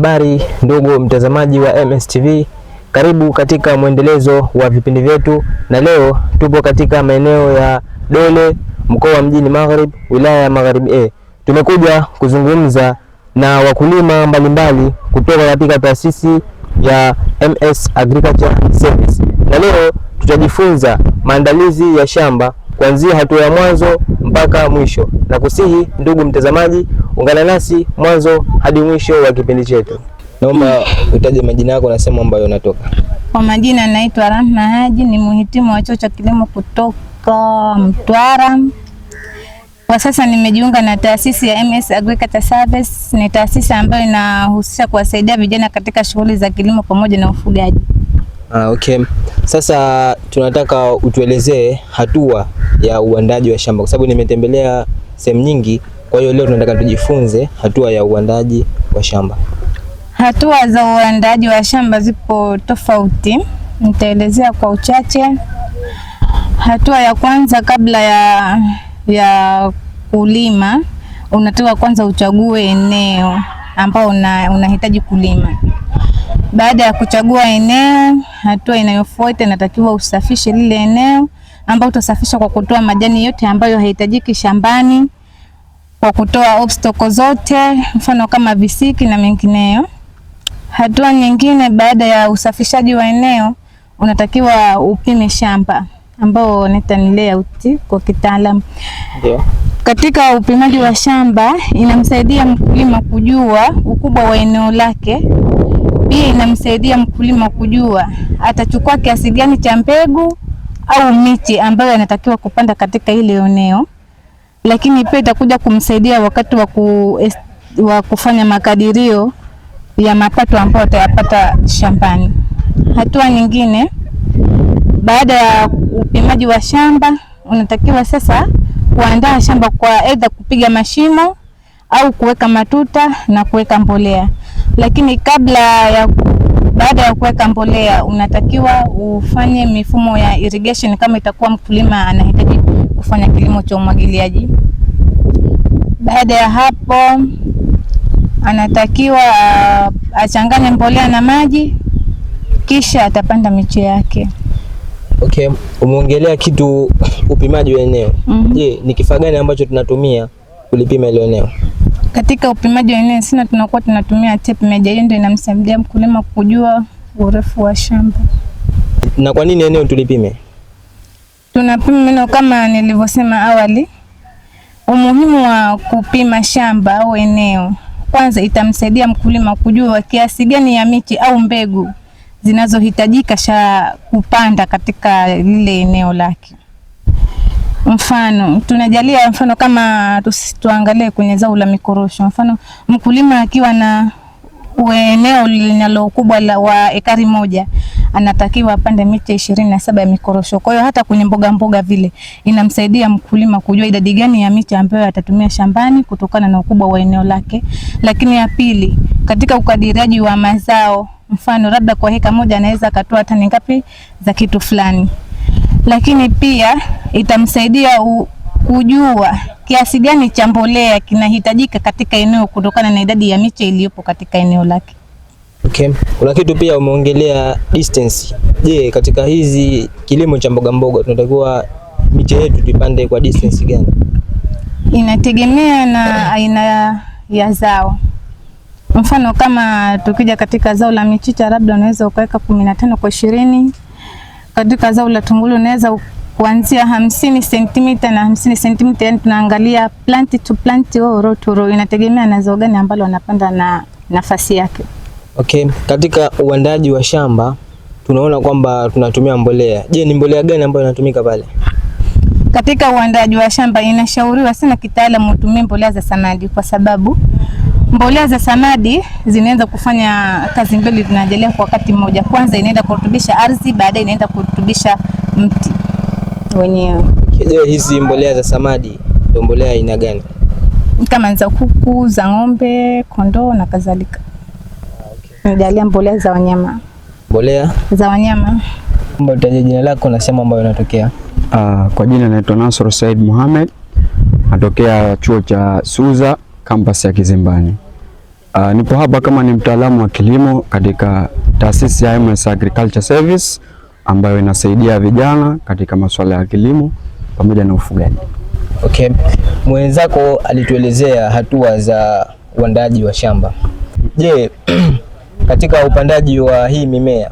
Habari ndugu mtazamaji wa MSTV, karibu katika mwendelezo wa vipindi vyetu, na leo tupo katika maeneo ya Dole, mkoa wa Mjini Magharibi, wilaya ya Magharibi A. Tumekuja kuzungumza na wakulima mbalimbali kutoka katika taasisi ya MS Agriculture Service, na leo tutajifunza maandalizi ya shamba kuanzia hatua ya mwanzo mpaka mwisho, na kusihi ndugu mtazamaji Ungana nasi mwanzo hadi mwisho wa kipindi chetu. Naomba utaje majina yako na sehemu ambayo unatoka. Kwa majina naitwa Rahma Haji, ni muhitimu wa chuo cha kilimo kutoka Mtwara. Kwa sasa nimejiunga na taasisi ya MS Agriculture Service. Ni taasisi ambayo inahusisha kuwasaidia vijana katika shughuli za kilimo pamoja na ufugaji. Ah, okay. Sasa tunataka utuelezee hatua ya uandaji wa shamba kwa sababu nimetembelea sehemu nyingi kwa hiyo leo tunataka tujifunze hatua ya uandaji wa shamba. Hatua za uandaji wa shamba zipo tofauti, nitaelezea kwa uchache. Hatua ya kwanza kabla ya ya kulima, unatoka kwanza uchague eneo ambao unahitaji una kulima. Baada ya kuchagua eneo, hatua inayofuata inatakiwa usafishe lile eneo, ambao utasafisha kwa kutoa majani yote ambayo hayahitajiki shambani kwa kutoa obstacle zote, mfano kama visiki na mengineyo. Hatua nyingine baada ya usafishaji wa eneo, unatakiwa upime shamba ambao ni layout kwa kitaalam. Katika upimaji wa shamba inamsaidia mkulima kujua ukubwa wa eneo lake. Pia inamsaidia mkulima kujua atachukua kiasi gani cha mbegu au miti ambayo anatakiwa kupanda katika ile eneo lakini pia itakuja kumsaidia wakati wa ku wa kufanya makadirio ya mapato ambayo atayapata shambani. Hatua nyingine, baada ya upimaji wa shamba, unatakiwa sasa kuandaa shamba kwa aidha kupiga mashimo au kuweka matuta na kuweka mbolea. Lakini kabla ya baada ya kuweka mbolea, unatakiwa ufanye mifumo ya irrigation kama itakuwa mkulima anahitaji kufanya kilimo cha umwagiliaji. Baada ya hapo, anatakiwa uh, achanganye mbolea na maji, kisha atapanda miche yake. Okay, umeongelea kitu upimaji wa eneo. mm -hmm. Je, ni kifaa gani ambacho tunatumia kulipima ile eneo? Katika upimaji wa eneo sina, tunakuwa tunatumia tape measure. Hiyo ndio inamsaidia mkulima kujua urefu wa shamba. Na kwa nini eneo tulipime? Tunapima meno kama nilivyosema awali. Umuhimu wa kupima shamba au eneo, kwanza itamsaidia mkulima kujua kiasi gani ya miti au mbegu zinazohitajika sha kupanda katika lile eneo lake. Mfano tunajalia, mfano kama tuangalie kwenye zao la mikorosho, mfano mkulima akiwa na eneo linalo la wa ekari moja anatakiwa apande miti ishirini na saba ya mikorosho. Kwa hiyo hata kwenye mboga mboga vile inamsaidia mkulima kujua idadi gani ya miti ambayo atatumia shambani kutokana na ukubwa wa eneo lake. Lakini ya pili, katika ukadiriaji wa mazao, mfano labda kwa heka moja anaweza akatoa tani ngapi za kitu fulani. Lakini pia itamsaidia u kujua kiasi gani cha mbolea kinahitajika katika eneo kutokana na idadi ya miche iliyopo katika eneo lake. Okay. Kuna kitu pia umeongelea distance. Je, katika hizi kilimo cha mboga mboga tunatakiwa miche yetu tupande kwa distance gani? Inategemea na aina ya zao. Mfano kama tukija katika zao la michicha, labda unaweza ukaweka kumi na tano kwa ishirini. Katika zao la tungulu unaweza kuanzia hamsini sentimita na hamsini sentimita, yani tunaangalia plant to plant au oh, row to row, inategemea na zao gani ambalo wanapanda na nafasi yake. Okay, katika uandaji wa shamba tunaona kwamba tunatumia mbolea. Je, ni mbolea gani ambayo inatumika pale? Katika uandaji wa shamba inashauriwa sana kitaalamu utumie mbolea za samadi, kwa sababu mbolea za samadi zinaweza kufanya kazi mbili zinaendelea kwa wakati mmoja. Kwanza inaenda kurutubisha ardhi, baadaye inaenda kurutubisha mti wenyewe. Je, hizi mbolea za samadi ndio mbolea aina gani? Kama za kuku, za ng'ombe, kondoo na kadhalika tunajalia mbolea za wanyama. Mbolea za wanyama. utaje jina lako na sehemu ambayo unatokea. Uh, ah, kwa jina naitwa Nasr Said Mohamed natokea chuo cha Suza kampasi ya Kizimbani. Uh, nipo hapa kama ni mtaalamu wa kilimo katika taasisi ya MS Agriculture Service ambayo inasaidia vijana katika masuala ya kilimo pamoja na ufugaji. Okay. Mwenzako alituelezea hatua za uandaji wa shamba. Je, katika upandaji wa hii mimea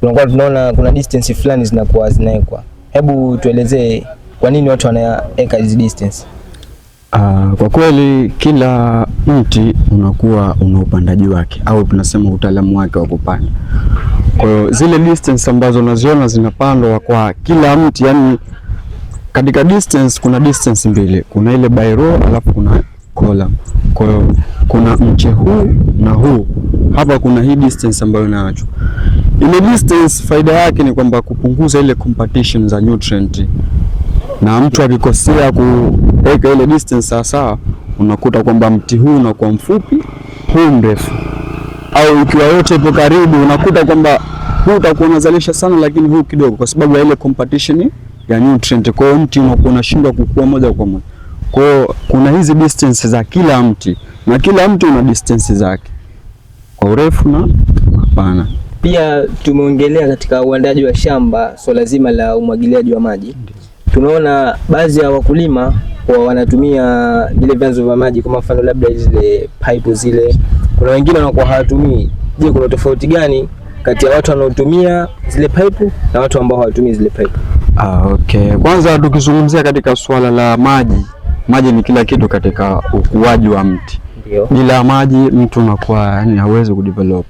tunakuwa tunaona kuna distance fulani zinakuwa zinawekwa. Hebu tuelezee kwa nini watu wanaweka hizi distance? Uh, kwa kweli kila mti unakuwa una upandaji wake au tunasema utaalamu wake wa kupanda. Kwa hiyo zile distance ambazo unaziona zinapandwa kwa kila mti, yani katika distance kuna distance mbili, kuna ile by row alafu kuna kola. Kwa hiyo kuna mche huu na huu hapa, kuna hii distance ambayo inaachwa. Ile distance faida yake ni kwamba kupunguza ile competition za nutrient, na mtu akikosea kuweka ile distance sawasawa, unakuta kwamba mti huu unakuwa mfupi, huu mrefu, au ikiwa yote ipo karibu, unakuta kwamba huu utakuwa unazalisha sana, lakini huu kidogo, kwa sababu ya ile competition ya nutrient. Kwa hiyo mti unakuwa unashindwa kukua moja kwa moja. Kwa hiyo kuna hizi distance za kila mti na kila mti una distance zake kwa urefu na mapana. Pia tumeongelea katika uandaji wa shamba swala so zima la umwagiliaji wa maji. Tunaona baadhi ya wakulima kwa wanatumia vile vyanzo vya maji, kwa mfano labda zile pipe zile, kuna wengine wanakuwa hawatumii. Je, kuna tofauti gani kati ya watu wanaotumia zile pipe na watu ambao hawatumii zile pipe? Ah, okay. Kwanza tukizungumzia katika swala la maji maji ni kila kitu katika ukuaji wa mti. Bila maji mtu unakuwa yani hawezi kudevelop.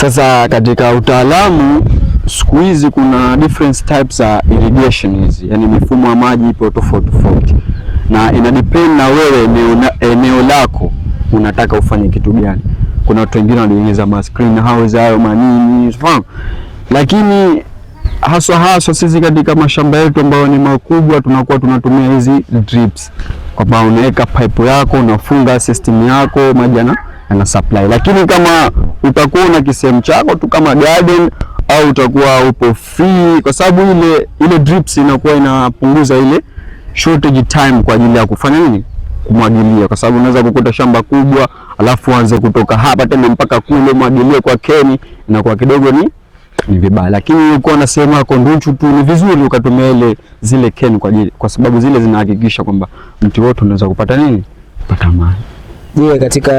Sasa katika utaalamu siku hizi kuna different types za irrigation hizi, yani mifumo ya maji ipo tofauti tofauti, na ina depend na wewe eneo lako unataka ufanye kitu gani. Kuna watu wengine wanaingiza ma screen house hayo manini, lakini haswa haswa sisi katika mashamba yetu ambayo ni makubwa, tunakuwa tunatumia hizi drips, kwamba unaweka pipe yako unafunga system yako maji na yana supply. Lakini kama utakuwa na kisehemu chako tu kama garden au utakuwa upo free, kwa sababu ile ile drips inakuwa inapunguza ile shortage time kwa ajili ya kufanya nini, kumwagilia, kwa sababu unaweza kukuta shamba kubwa alafu anze kutoka hapa tena mpaka kule mwagilie kwa keni, inakuwa kidogo ni ni vibaya, lakini ulikuwa unasema tu ni vizuri ukatumia ile zile keni kwa ajili, kwa sababu zile zinahakikisha kwamba mti wote unaweza kupata nini, kupata maji. Je, katika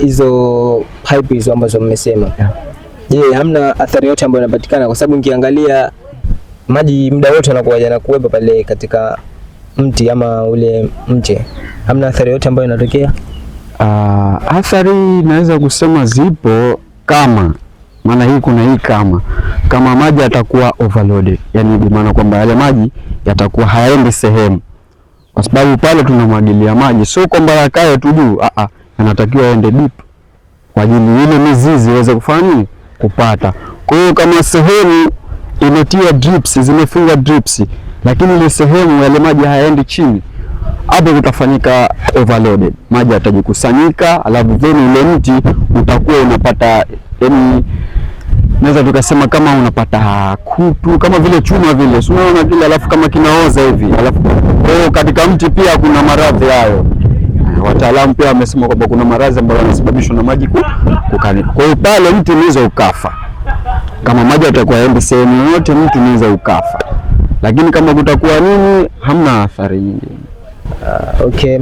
hizo pipe hizo ambazo mmesema, je, hamna athari yote ambayo inapatikana? Kwa sababu nikiangalia maji muda wote yanakuwa yanakuwepo pale katika mti ama ule mche, hamna athari yote ambayo inatokea? Uh, athari naweza kusema zipo kama maana hii kuna hii kama kama maji yatakuwa overloaded, yani ni maana kwamba yale maji yatakuwa hayaendi sehemu, kwa sababu pale tunamwagilia maji, sio kwamba yakae tu juu, a ah, a, ah, yanatakiwa yaende deep kwa ajili ile mizizi iweze kufanya kupata. Kwa hiyo kama sehemu imetia drips, zimefunga drips, lakini ile sehemu yale maji hayaendi chini, hapo kutafanyika overloaded, maji yatajikusanyika, alafu then ule mti utakuwa unapata yani naweza tukasema kama unapata kutu kama vile chuma vile, si unaona kile, alafu kama kinaoza hivi, alafu oh, katika mti pia kuna maradhi hayo. Eh, wataalamu pia wamesema kwamba kuna maradhi ambayo yanasababishwa na maji kukani. Kwa hiyo pale mtu unaweza ukafa kama maji atakuwa yaende sehemu yote, mti unaweza ukafa, lakini kama kutakuwa nini, hamna athari nyingine. Uh, okay,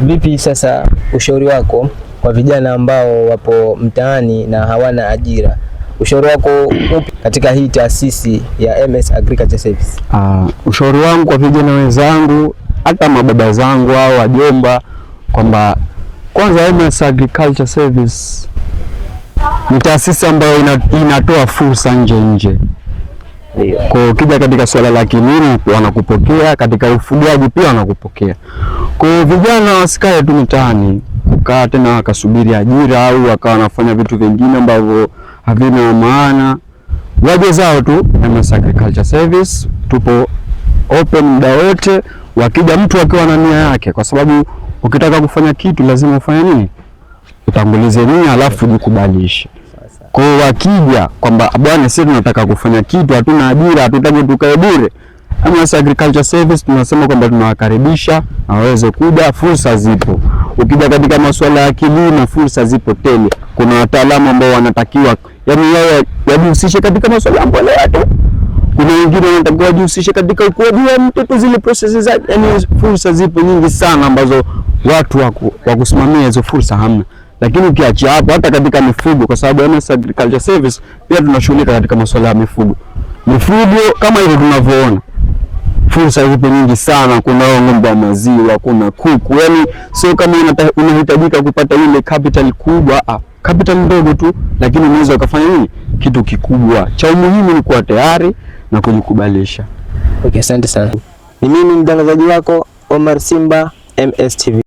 vipi sasa ushauri wako kwa vijana ambao wapo mtaani na hawana ajira. Ushauri wako upi katika hii taasisi ya MS Agriculture Service? Uh, ushauri wangu kwa vijana wenzangu hata mababa zangu au wajomba kwamba kwanza MS Agriculture Service ni taasisi ambayo inatoa fursa nje nje kwa ukija katika swala la kilimo wanakupokea, katika ufugaji pia wanakupokea. Kwa hiyo vijana wasikae tu mtaani, akakaa tena akasubiri ajira au akawa anafanya vitu vingine ambavyo havina maana. Waje zao tu MS Agriculture Service, tupo open muda wote, wakija mtu akiwa na nia yake, kwa sababu ukitaka kufanya kitu lazima ufanye nini? Utangulize nia, alafu jikubalishe. Kwa hiyo wakija kwamba bwana, sisi tunataka kufanya kitu, hatuna ajira, hatutaki tukae bure MS Agriculture Service tunasema kwamba tunawakaribisha na waweze kuja, fursa zipo. Ukija katika masuala ya kilimo, fursa zipo tele. Kuna wataalamu ambao wanatakiwa yani wao wajihusishe katika masuala ya mbolea tu, kuna wengine wanatakiwa wajihusishe katika ukuaji wa mtoto, zile processes za Yani fursa zipo nyingi sana ambazo watu wa kusimamia hizo fursa hamna lakini ukiachia hapo, hata katika mifugo, kwa sababu MS Agriculture Service pia tunashughulika katika masuala ya mifugo. Mifugo kama hivyo tunavyoona fursa zipo nyingi sana. Kuna ng'ombe wa maziwa, kuna kuku, yani sio kama unahitajika kupata ile capital kubwa ah, capital ndogo tu, lakini unaweza ukafanya nini kitu kikubwa. Cha umuhimu ni kuwa tayari na kujikubalisha. Okay, asante sana. Ni mimi mtangazaji wako Omar Simba, MSTV.